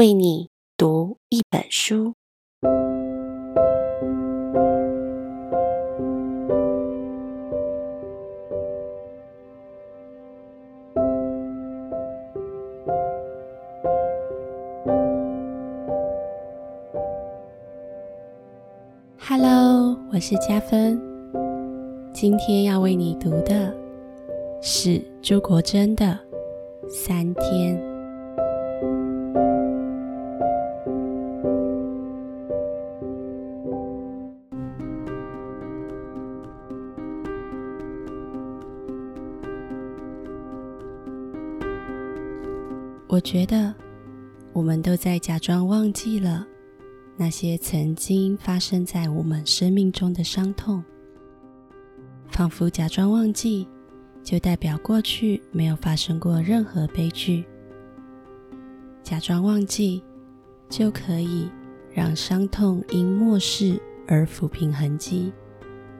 為你讀一本書。哈囉，我是家芬，今天要為你讀的是朱國珍的《三天》。我覺得，我們都在假裝忘記了那些曾經發生在我們生命中的傷痛，仿佛假裝忘記，就代表過去沒有發生過任何悲劇。假裝忘記，就可以讓傷痛因漠視而撫平痕迹，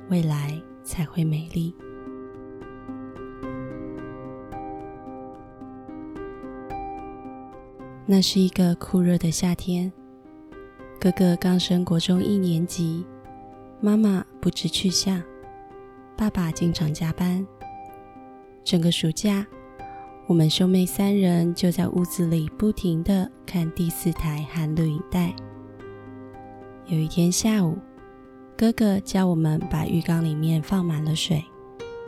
未來才會美麗。那是一個酷熱的夏天，哥哥剛升國中一年級，媽媽不知去向，爸爸經常加班。整個暑假，我們兄妹三人就在屋子裡不停地看第四台和錄影帶。有一天下午，哥哥教我們把浴缸裡面放滿了水，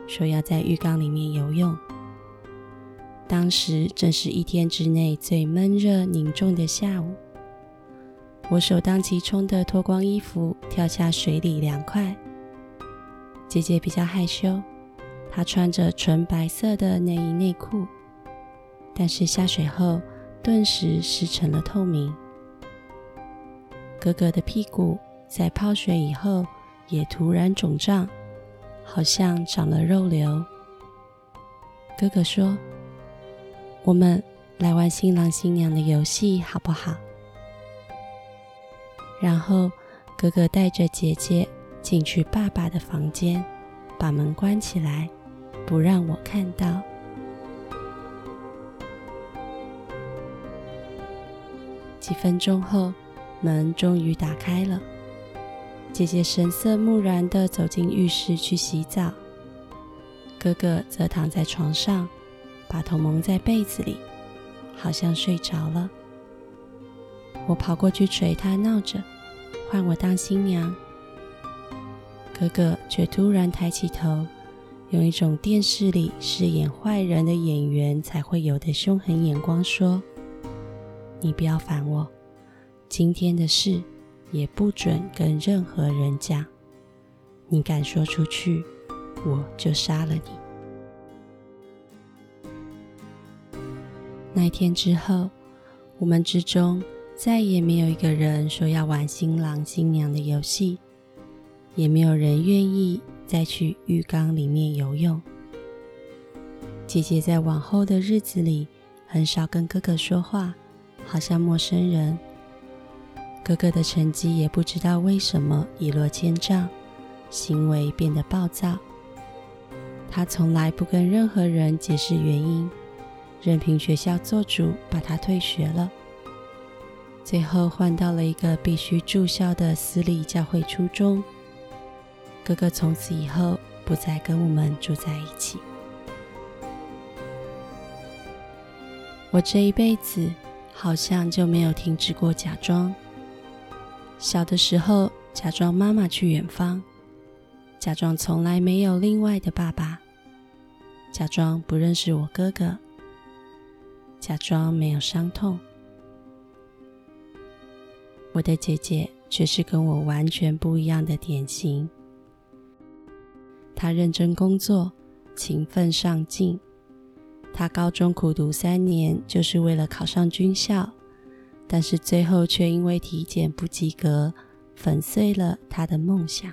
說要在浴缸裡面游泳。當時正是一天之內最悶熱凝重的下午，我首當其衝的脫光衣服跳下水裡涼快。姐姐比較害羞，她穿着純白色的內衣內褲，但是下水後頓時濕成了透明。哥哥的屁股在泡水以後也突然腫脹，好像長了肉瘤。哥哥說我們來玩新郎新娘的遊戲，好不好？然後哥哥帶着姐姐進去爸爸的房間，把門關起來，不讓我看到。幾分鐘後，門終於打開了。姐姐神色木然地走進浴室去洗澡，哥哥則躺在床上。把頭蒙在被子裡，好像睡着了。我跑過去捶他，鬧着換我當新娘。哥哥卻突然抬起頭，用一種電視裡飾演壞人的演員才會有的兇狠眼光說：“你不要煩我，今天的事也不准跟任何人講。你敢說出去，我就殺了你。”那一天之後，我們之中再也沒有一個人說要玩新郎新娘的遊戲，也沒有人願意再去浴缸裡面游泳。姐姐在往後的日子裡很少跟哥哥說話，好像陌生人。哥哥的成績也不知道為什麼一落千丈，行為變得暴躁。他從來不跟任何人解釋原因。任憑學校做主，把他退學了。最後換到了一個必須住校的私立教會初中。哥哥從此以後不再跟我們住在一起。我這一輩子好像就沒有停止過假裝。小的時候假裝媽媽去遠方，假裝從來沒有另外的爸爸，假裝不認識我哥哥。假裝沒有傷痛，我的姐姐卻是跟我完全不一樣的典型。她認真工作，勤奮上進。她高中苦讀三年，就是為了考上軍校，但是最後卻因為體檢不及格，粉碎了她的夢想。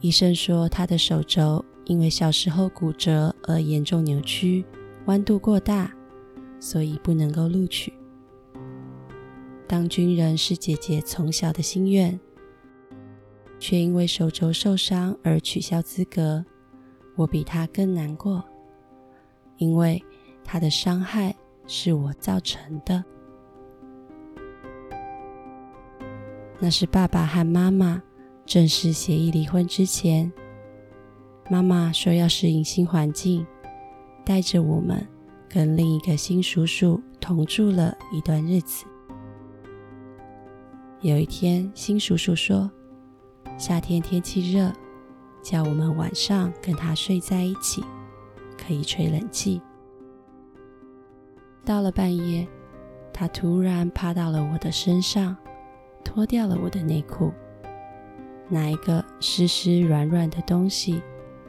醫生說，她的手肘因為小時候骨折而嚴重扭曲，彎度過大。所以不能夠錄取。當軍人是姐姐從小的心願，卻因為手肘受傷而取消資格。我比她更難過，因為她的傷害是我造成的。那是爸爸和媽媽正式協議離婚之前，媽媽說要適應新環境，帶着我們。跟另一個新叔叔同住了一段日子。有一天，新叔叔說：“夏天天氣熱，叫我們晚上跟他睡在一起，可以吹冷氣。”到了半夜，他突然趴到了我的身上，脫掉了我的內褲，拿一個濕濕軟軟的東西，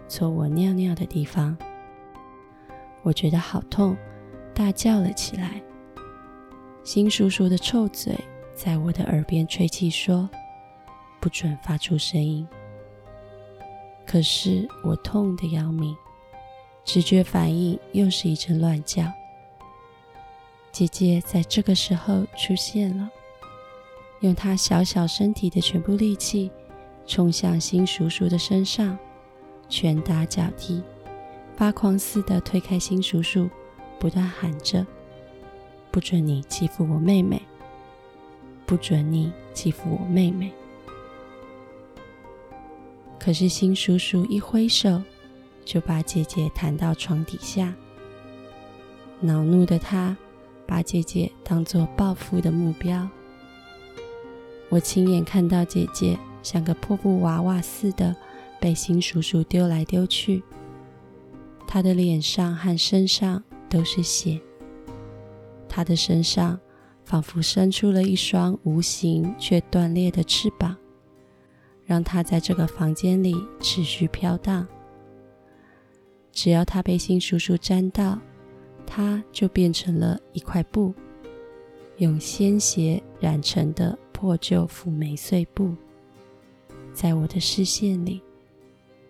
搓我尿尿的地方。我覺得好痛，大叫了起來。新叔叔的臭嘴在我的耳邊吹氣說：“不准發出聲音。”可是我痛得要命，直覺反應又是一陣亂叫。姐姐在這個時候出現了，用她小小身體的全部力氣，衝向新叔叔的身上，拳打腳踢。發狂似的推開新叔叔，不斷喊着：“不准你欺負我妹妹！不准你欺負我妹妹！”可是新叔叔一揮手，就把姐姐彈到床底下。惱怒的他，把姐姐當作報復的目標。我親眼看到姐姐像個破布娃娃似的，被新叔叔丟來丟去。他的臉上和身上都是血，他的身上仿佛伸出了一雙無形卻斷裂的翅膀，讓他在這個房間裡持續飄蕩。只要他被新叔叔沾到，他就變成了一塊布，用鮮血染成的破舊腐霉碎布，在我的視線裡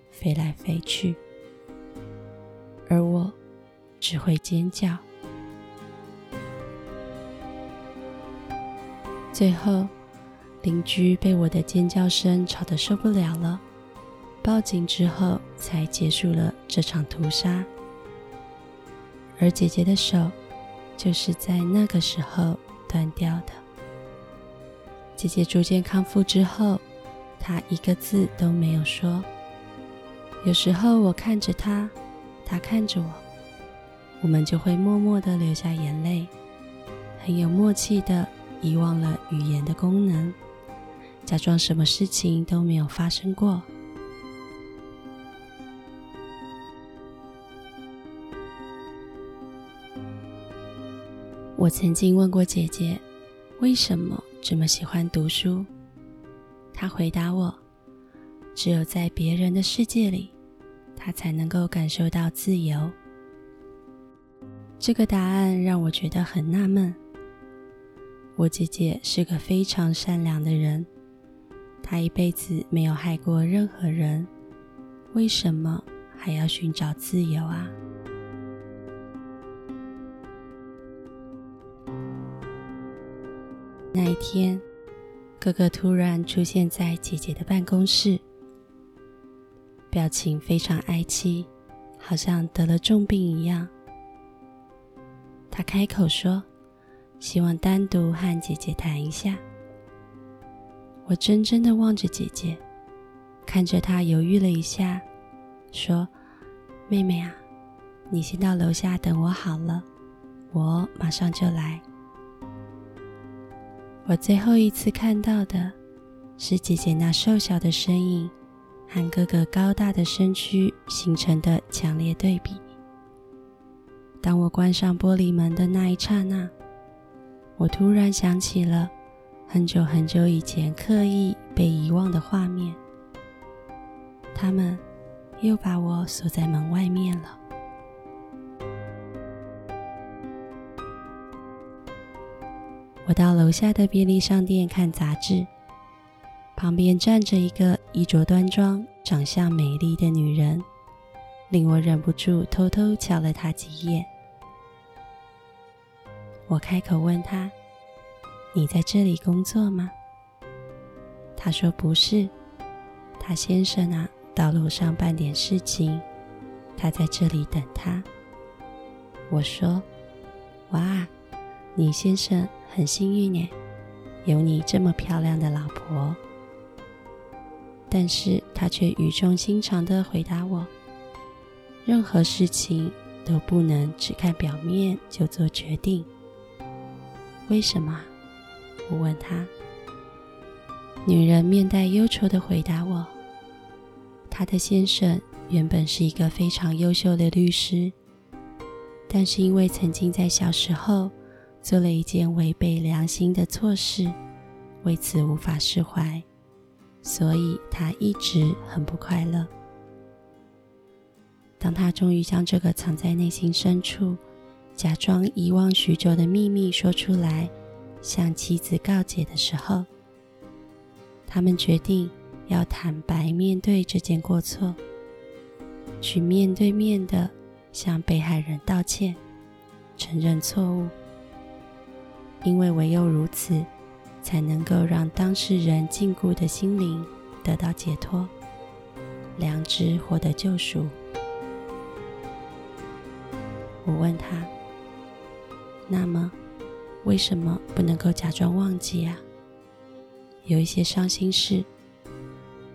飛來飛去。而我只會尖叫。最後，鄰居被我的尖叫聲吵得受不了了，報警之後才結束了這場屠殺。而姐姐的手就是在那個時候斷掉的。姐姐逐漸康復之後，她一個字都沒有說。有時候我看着她。他看着我，我們就會默默的流下眼淚，很有默契的遺忘了語言的功能，假裝什麼事情都沒有發生過。我曾經問過姐姐，為什麼這麼喜歡讀書？她回答我，只有在別人的世界裡，他才能夠感受到自由。這個答案讓我覺得很納悶。我姐姐是個非常善良的人，她一輩子沒有害過任何人，為什麼還要尋找自由啊？那一天，哥哥突然出現在姐姐的辦公室。表情非常哀戚，好像得了重病一樣。他開口說：“希望單獨和姐姐談一下。”我怔怔地望着姐姐，看着她猶豫了一下，說：“妹妹啊，你先到樓下等我好了，我馬上就來。”我最後一次看到的是姐姐那瘦小的身影。和哥哥高大的身軀形成的強烈對比。當我關上玻璃門的那一剎那，我突然想起了很久很久以前刻意被遺忘的畫面。他們又把我鎖在門外面了。我到樓下的便利商店看雜誌。旁邊站着一個衣着端莊、長相美麗的女人，令我忍不住偷偷瞧了她幾眼。我開口問她：“你在這裡工作嗎？”她說：“不是，她先生啊，到樓上辦點事情，她在這裡等他。”我說：“哇，你先生很幸運耶，有你這麼漂亮的老婆。”但是他卻語重心長的回答我：“任何事情都不能只看表面就做決定。”為什麼？我問他。女人面帶憂愁的回答我：“她的先生原本是一個非常優秀的律師，但是因為曾經在小時候做了一件違背良心的錯事，為此無法釋懷。”所以，他一直很不快樂。當他終於將這個藏在內心深處、假裝遺忘許久的秘密說出來，向妻子告解的時候，他們決定要坦白面對這件過錯，去面對面的向被害人道歉、承認錯誤，因為唯有如此，才能夠讓當事人禁錮的心靈得到解脫，良知獲得救贖。我問他：“那麼，為什麼不能夠假裝忘記呀？有一些傷心事，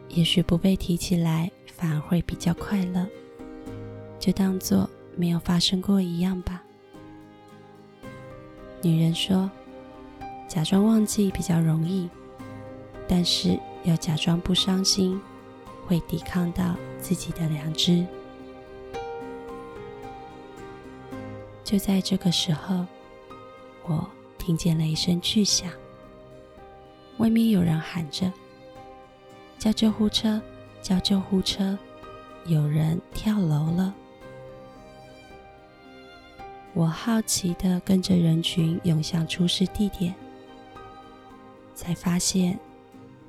也許不被提起來，反而會比較快樂，就當做沒有發生過一樣吧。”女人說。假裝忘記比較容易，但是要假裝不傷心，會抵抗到自己的良知。就在這個時候，我聽見了一聲巨響，外面有人喊着：“叫救護車！叫救護車！有人跳樓了！”我好奇地跟着人群湧向出事地點。才發現，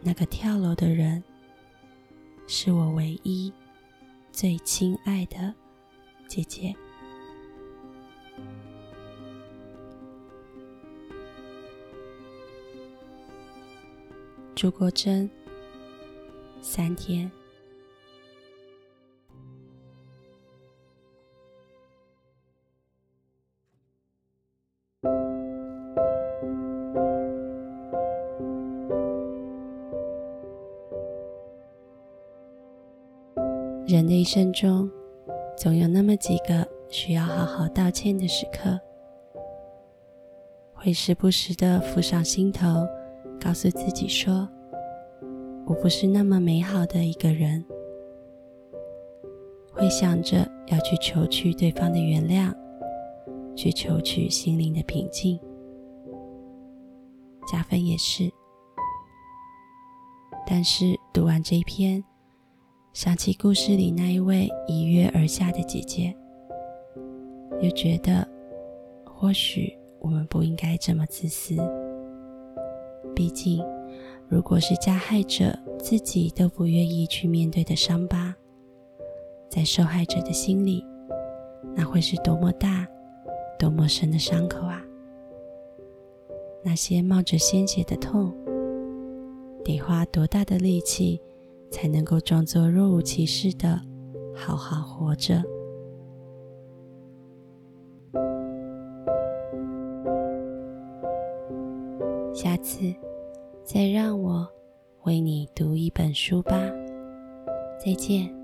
那個跳樓的人是我唯一最親愛的姐姐。朱國珍，三天。一生中，總有那麼幾個需要好好道歉的時刻，會時不時的浮上心頭，告訴自己說：“我不是那麼美好的一個人。”會想着要去求取對方的原諒，去求取心靈的平靜。家芬也是，但是讀完這一篇。想起故事裡那一位一躍而下的姐姐，又覺得或許我們不應該這麼自私。畢竟，如果是加害者自己都不願意去面對的傷疤，在受害者的心裡，那會是多麼大、多麼深的傷口啊！那些冒着鮮血的痛，得花多大的力氣？才能夠裝作若無其事的好好活着。下次再讓我為你讀一本書吧。再見。